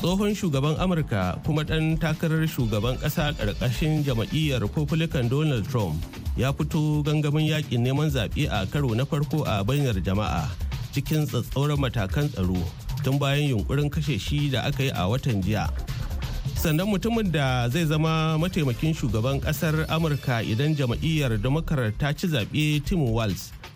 tsohon shugaban amurka kuma ɗan takarar shugaban ƙasa ƙarƙashin jama'iyyar republican donald trump ya fito gangamin yakin neman zaɓe a karo na farko a bayyar jama'a cikin tsatsauran matakan tsaro tun bayan yunkurin kashe shi da aka yi a watan jiya sannan mutumin da zai zama mataimakin shugaban kasar amurka idan jama'iyyar democrat ta ci zaɓe tim walz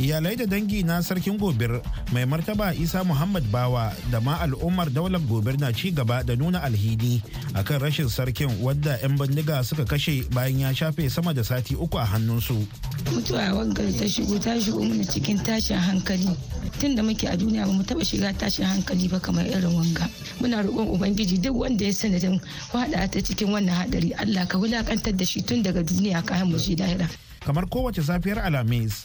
iyalai da dangi na sarkin gobir mai martaba isa muhammad bawa da ma al'ummar daular gobir na ci gaba da nuna alhidi akan rashin sarkin wadda 'yan bandiga suka kashe bayan ya shafe sama da sati uku a hannunsu mutuwa wangar ta shigo ta shigo mana cikin tashin hankali tun da muke a duniya ba mu taba shiga tashin hankali ba kamar irin wanga muna roƙon ubangiji duk wanda ya sanadin hada ta cikin wannan haɗari allah ka wulakantar da shi tun daga duniya kayan mu shi lahira kamar kowace safiyar alhamis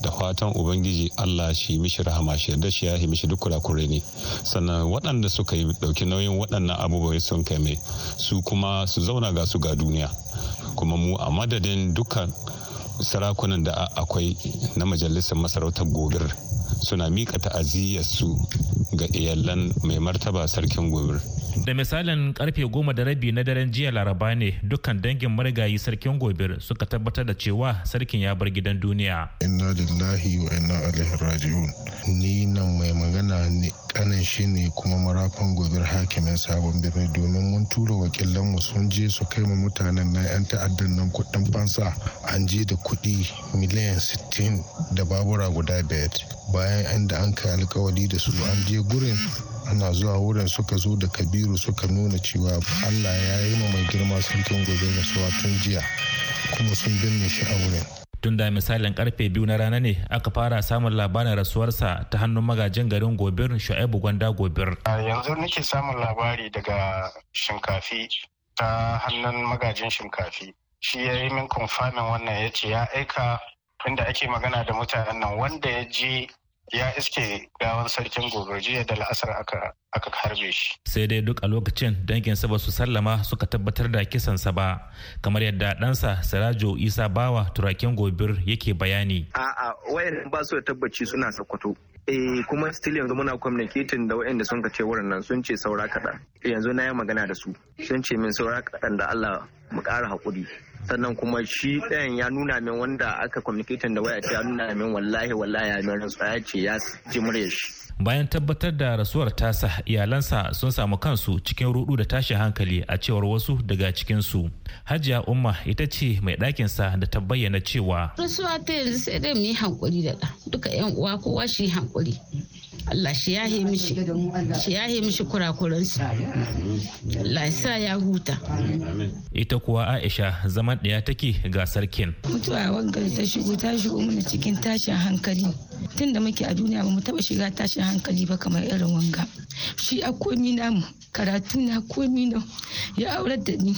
da fatan ubangiji allah shi mishi rahama shi da shi ya yi mishi duk kurakure ne sannan waɗanda suka yi ɗauki nauyin waɗannan abubuwa sun kai mai su kuma su zauna ga su ga duniya kuma mu a madadin dukkan sarakunan da akwai na majalisar masarautar gobir suna miƙa ta'aziyyar su ga iyalan mai martaba sarkin gobir da misalin karfe goma da rabi na daren jiya laraba ne dukkan dangin marigayi sarkin gobir suka tabbatar da cewa sarkin ya bar gidan duniya inna lillahi wa inna ilaihi raji'un ni nan mai magana ne kanin shi ne kuma marafan gobir hakimin sabon birni domin mun tura wakilan mu sun je su kai mu mutanen na yan ta'addan nan kudin fansa an je da kudi miliyan 60 da babura guda biyar bayan inda an kai alkawari da su an je gurin ana zuwa wurin suka zo da kabiru suka nuna cewa allah ya yi ma mai girma sarkin gobe suwa tun jiya kuma sun binne shi a wurin tun da misalin karfe biyu na rana ne aka fara samun labarin rasuwarsa ta hannun magajin garin gobir shu'aibu gwanda gobir yanzu nake samun labari daga shinkafi ta hannun magajin shinkafi shi ya yi min kumfamin wannan ya ce ya aika tunda ake magana da mutanen nan wanda ya je ya iske gawan sarkin gobe jiya da la'asar aka harbe shi. Sai dai duk a lokacin danginsa ba su sallama suka tabbatar da kisansa ba kamar yadda ɗansa Sirajo Isa Bawa turakin gobir yake bayani. A'a wayan ba su da tabbaci suna sakwato eh kuma still yanzu muna communicating da waɗanda sun ce wurin nan sun ce saura kaɗan yanzu na yi magana da su sun ce min saura kaɗan da Allah mu ƙara haƙuri sannan kuma shi ɗayan ya nuna min wanda aka communicating da waya ce ya nuna min wallahi wallahi ya min ya ce ya ji muryar shi bayan tabbatar da rasuwar tasa iyalansa sun samu kansu cikin rudu da tashin hankali a cewar wasu daga cikinsu hajiya umma ita ce mai ɗakinsa da ta bayyana cewa rasuwa ta yanzu sai dai mu yi hankuri da duka yan uwa kowa shi hankuri Allah shi yahe mishi shi ya yahe mishi kurakuransu Allah ya sa ya huta ita kuwa Aisha zaman ɗaya take ga sarkin mutuwa wangar ta shigo ta shigo mana cikin tashin hankali tun da muke a duniya ba mu taɓa shiga tashin hankali ba kamar irin wanga shi a komi namu karatu na komi na ya aurar da ni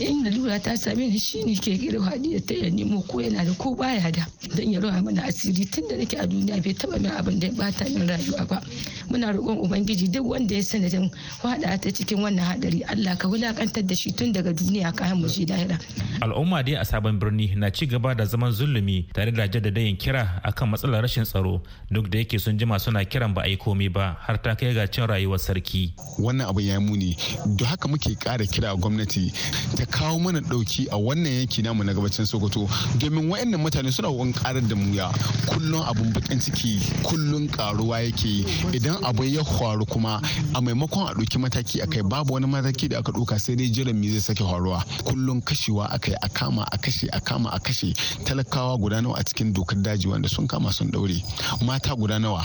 in lura ta same ni shine ke gida hadiya ta ya nemo ko yana da ko baya da dan ya rawa mana asiri tunda nake a duniya bai taba min abin da ya bata min rayuwa ba muna roƙon ubangiji duk wanda ya sanadin hada ta cikin wannan hadari Allah ka wulakantar da shi tun daga duniya ka mu shi lahira al'umma dai a sabon birni na ci gaba da zaman zulumi tare da jaddadayin kira akan matsalar rashin tsaro duk da yake sun jima suna kiran ba a yi komai ba har ta kai ga cin rayuwar sarki wannan abu ya muni don haka muke kara kira gwamnati ta kawo mana dauki a wannan yanki namu na gabacin sokoto domin wayannan mutane suna wani karar da mu ya kullun abun bakin ciki kullun karuwa yake idan abu ya faru kuma a maimakon a dauki mataki akai babu wani mataki da aka dauka sai dai jiran me zai sake faruwa kullun kashewa akai a kama a kashe a kama a kashe talakawa guda nawa a cikin dokar daji wanda sun kama sun daure mata guda nawa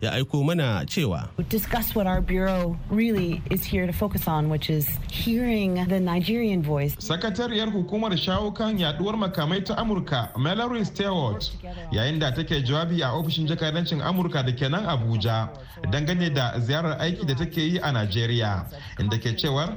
ya aiko mana cewa discuss what our bureau really is here focus on which is the Nigerian voice sakatariyar hukumar shawo kan yaduwar makamai ta Amurka Mallory Stewart yayin da take jawabi a ofishin jakadancin Amurka da kenan Abuja dangane da ziyarar aiki da take yi a Najeriya inda ke cewar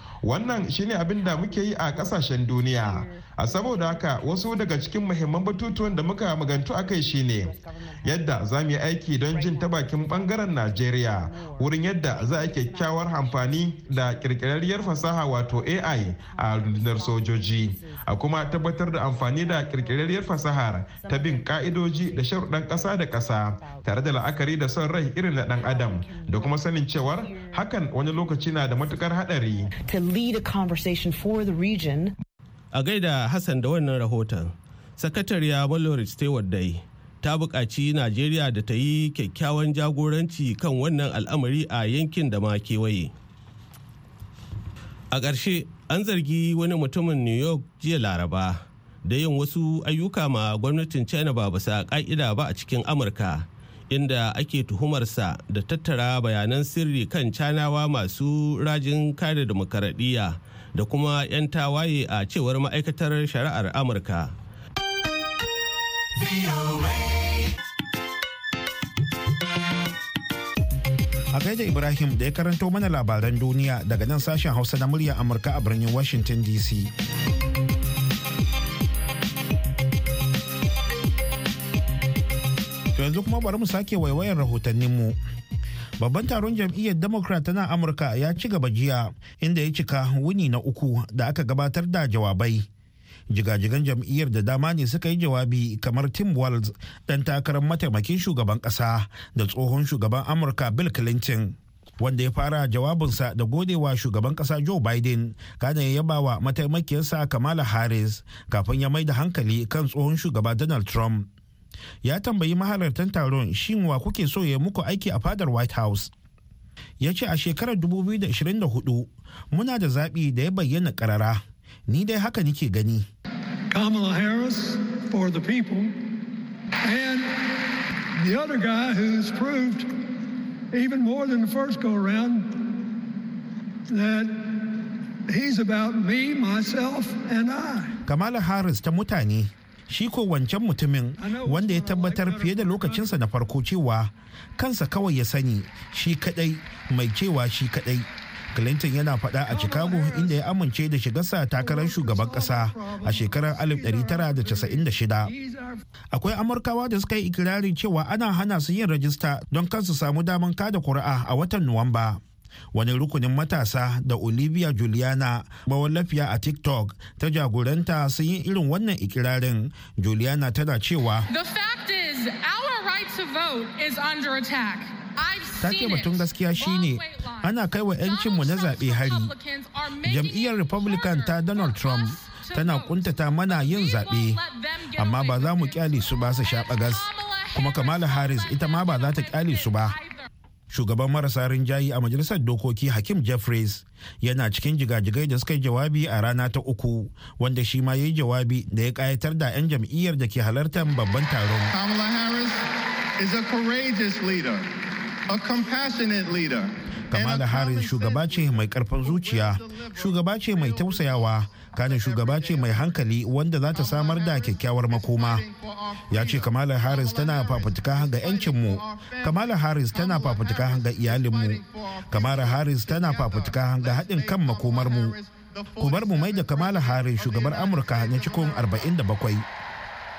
wannan shine abin da muke yi a kasashen duniya a saboda haka wasu daga cikin muhimman batutuwan da muka magantu a kai shine yadda za mu yi aiki don jin ta bakin bangaren najeriya wurin yadda za a kyakkyawar amfani da kirkirarriyar fasaha wato ai a rundunar sojoji a kuma tabbatar da amfani da kirkirarriyar fasaha ta bin ka'idoji da sharuɗan ƙasa da ƙasa tare da la'akari da son rai irin na ɗan adam da kuma sanin cewar hakan wani lokaci na da matukar haɗari. A gaida Hassan da wannan rahoton, Sakatariya Mallory Stewart dai ta buƙaci Najeriya da ta yi kyakkyawan jagoranci kan wannan al'amari a yankin da ma kewaye. A ƙarshe an zargi wani mutumin new york jiya laraba da yin wasu ayyuka ma gwamnatin china ba bisa ka'ida ba a cikin amurka inda ake tuhumarsa da tattara bayanan sirri kan canawa masu rajin kare demokaradiyya da kuma 'yan tawaye a cewar ma'aikatar shari'ar amurka. a gaida ibrahim da ya karanto mana labaran duniya daga nan sashen hausa na murya amurka a birnin washington dc to yanzu kuma bari mu sake waiwayar rahotanninmu babban taron jam'iyyar democrat na amurka ya ci gaba jiya inda ya cika wuni na uku da aka gabatar da jawabai jigajigan jam'iyyar da dama ne suka yi jawabi kamar tim walz dan takarar mataimakin shugaban kasa da tsohon shugaban amurka bill clinton wanda ya fara jawabinsa da godewa shugaban kasa joe biden kana ya yaba wa mataimakiyarsa kamala harris kafin ya mai da hankali kan tsohon shugaba donald trump ya tambayi mahalartan taron shin wa kuke so ya muku aiki a fadar white house ya ce a shekarar 2024 muna da zaɓi da ya bayyana ƙarara ni dai haka nike gani Kamala Harris for the people, and the other guy who's proved even more than the first go around that he's about me, myself, and I. Kamala Harris ta mutane shi ko wancan mutumin wanda ya tabbatar fiye da lokacinsa na farko cewa kansa kawai ya sani shi kadai mai cewa shi kadai. clinton yana faɗa a chicago inda ya amince da shigarsa takarar shugaban ƙasa a shekarar 1996 akwai amurkawa da suka yi ikirarin cewa ana hana su yin rajista don kansu samu daman kada kura'a a watan nuwamba wani rukunin matasa da olivia juliana mawallafiya a tiktok ta jagoranta sun yi irin wannan ikirarin juliana tana cewa the fact is our right to vote is under attack take batun gaskiya shine ana kai wa 'yancinmu na zaɓe hari. Jam'iyyar Republican ta Donald Trump tana kuntata mana yin zaɓe, amma ba za mu kyale su ba su shaɓa gas. Kuma Kamala Harris ita ma ba za ta kyale su ba. Shugaban marasa rinjayi a majalisar dokoki Hakim Jeffries yana cikin jigajigai da suka yi jawabi a rana ta uku wanda shi ma ya yi jawabi da ya kayatar da 'yan jam'iyyar da ke halartar babban taron. Kamala Harris is a a compassionate leader. Kamala Harris shugaba ce mai karfin zuciya, shugaba ce mai tausayawa, kane shugaba ce mai hankali wanda za ta samar da kyakkyawar makoma. Ya ce Kamala Harris tana fafutuka ga 'yancinmu, Kamala Harris tana fafutuka ga iyalinmu, Kamala Harris tana fafutuka ga haɗin kan makomarmu. Ku mu mai da Kamala Harris shugabar Amurka na cikin 47.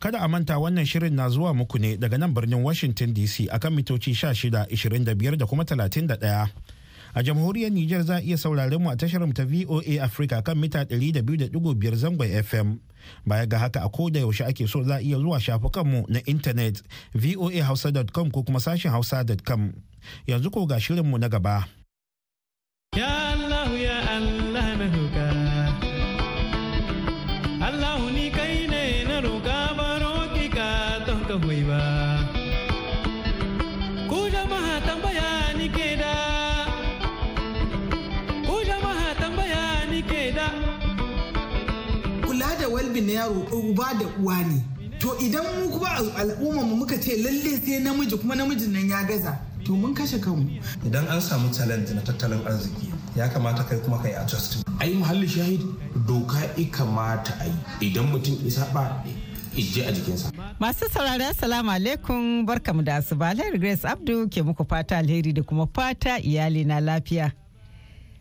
Kada a manta wannan shirin na zuwa muku ne daga nan birnin Washington DC akan mitoci 16, 25 da kuma 31. a jamhuriyar Nijar za a iya sauraron mu a tashar ta VOA Africa kan mita 200.5 zangon FM. Baya ga haka a koda yaushe ake so za a iya zuwa shafukan mu na intanet voahausa.com ko kuma sashen hausa.com. Yanzu ko ga shirinmu na gaba. Yeah! na yaro uba da uwa ne to idan mu kuma al'umma mu muka ce lalle sai namiji kuma namijin nan ya gaza to mun kashe kanmu idan an samu challenge na tattalin arziki ya kamata kai kuma kai adjust ai muhalli shahid doka i kamata ai idan mutum isa ba ije a jikinsa. Masu saurari assalamu alaikum barkamu da asuba Alheri Grace Abdu ke muku fata alheri da kuma fata iyali na lafiya.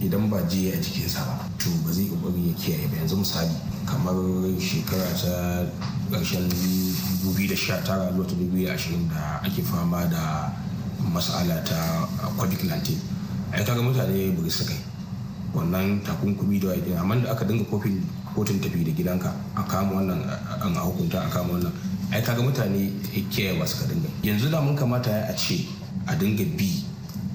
idan ba jiya a jikinsa ba to ba zai kokari ya kiyaye ba yanzu misali kamar shekara ta ƙarshen 2019 zuwa ta 2020 da ake fama da masala ta covid-19 ai kaga mutane ba su kai wannan takunkumi da waje amma da aka dinga kofin kotun tafi da gidanka a kama wannan an hukunta a kama wannan ai kaga mutane kiyaye ba suka dinga yanzu da mun kamata a ce a dinga bi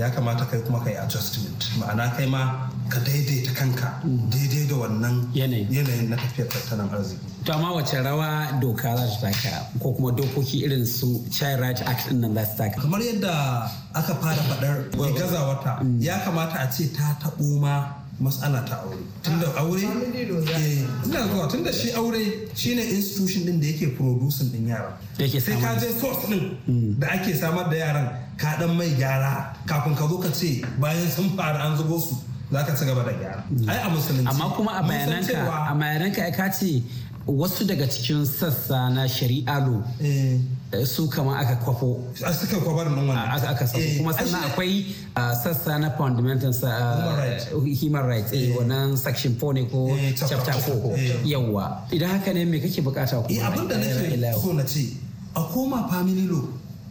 ya kamata kai kuma kai adjustment ma'ana kai ma ka daidaita kanka daidai da wannan yanayin na tafiyar tattalin arziki to amma wace rawa doka za su taka ko kuma dokoki irin su child right act din nan za su taka kamar yadda aka fara fadar gazawata mm. ya kamata a ce ta taɓo ma matsala ta aure tunda ah, aure eh, ina zuwa tunda shi aure shine institution din da yake producing din yara sai ka je source din mm. da ake samar da yaran ka dan mai gyara kafin ka zo ka ce bayan sun fara an zubo su za ka ci gaba da gyara ai a musulunci amma kuma a bayananka a bayananka ya kace wasu daga cikin sassa na shari'a lo eh. Eh, su kama aka kwafo A suka kwabar nan wannan aka aka sako eh, kuma sannan akwai ah, sassa na fundamental ah, human rights eh wannan section 4 ne ko chapter 4 yawa idan haka ne me kake bukata ku abinda nake so na ce a koma family law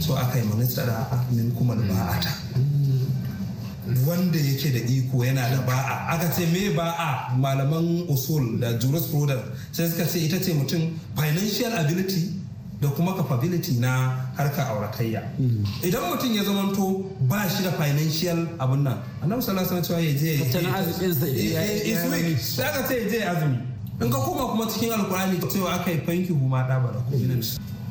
so aka yi manistara min kuma ba'ata wanda yake da iko yana da ba'a aka ce me ba'a malaman usul da jurisprudence sai suka ce ita ce mutum financial ability da kuma capability na harka auratayya idan mutum ya zamanto ba shi da financial abin nan annabi sallallahu alaihi wasallam ya je ya arzikin eh, eh, eh, aka ce ya je azumi in ka koma kuma cikin alkurani cewa aka yi fanki huma da ba da kuma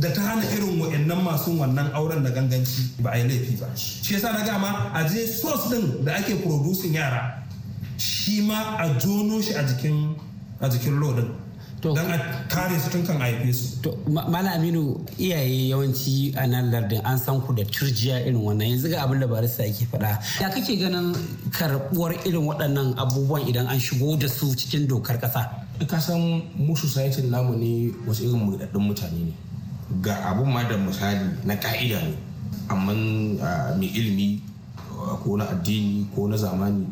da ta hana irin wa'annan masu wannan auren da ganganci ba a yi laifi ba shi yasa na gama a je sos din da ake producing yara shi ma a jono shi a jikin a jikin lodin don a kare su tun kan haife su. To Aminu iyaye yawanci a nan lardin an san ku da turjiya irin wannan yanzu ga abin da barista yake faɗa. Ya kake ganin karbuwar irin waɗannan abubuwan idan an shigo da su cikin dokar ƙasa? Ka san mu society namu ne wasu irin murɗaɗɗun mutane ne. ga abun ma da misali na ka'ida ne amma mai ilimi ko na addini ko na zamani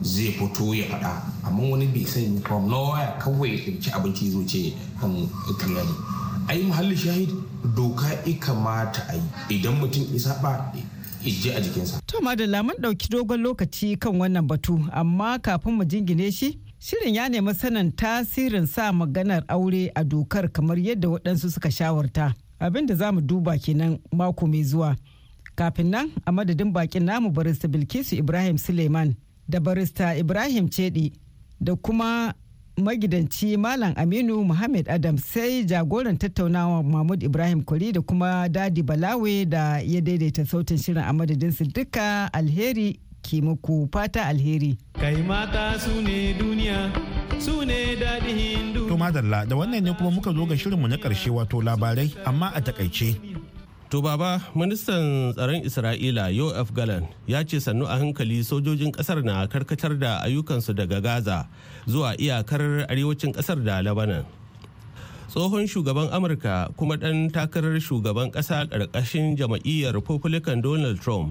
zai fito ya faɗa amma wani bai sani from nowhere kawai ya ɗauki abinci zo ce kan kariya ai muhalli shahid doka i kamata a yi idan mutum isa ba ije a jikinsa. to madalla mun ɗauki dogon lokaci kan wannan batu amma kafin mu jingine shi Shirin ya nemi sanin tasirin sa maganar aure a dokar kamar yadda waɗansu suka shawarta. Abin da za mu duba kenan mako mai zuwa. Kafin nan a madadin bakin namu barista Bilkisu Ibrahim Suleiman da barista Ibrahim Cedi da kuma magidanci Malam Aminu Muhammad Adam sai jagoran tattaunawa Mahmud Ibrahim Kuri da kuma Dadi Balawe da ya daidaita sautin shirin a madadinsu duka alheri ke muku fata alheri. Kai mata su ne duniya, su ne daɗin hindu. To madalla da wannan ne kuma muka zo ga shirinmu na ƙarshe wato labarai amma a takaice. To baba, ministan tsaron Isra'ila Yoav Galan ya ce sannu a hankali sojojin ƙasar na karkatar da ayyukansu daga Gaza zuwa iyakar arewacin ƙasar da Lebanon. tsohon shugaban amurka kuma ɗan takarar shugaban ƙasa ƙarƙashin jama'iyyar republican donald trump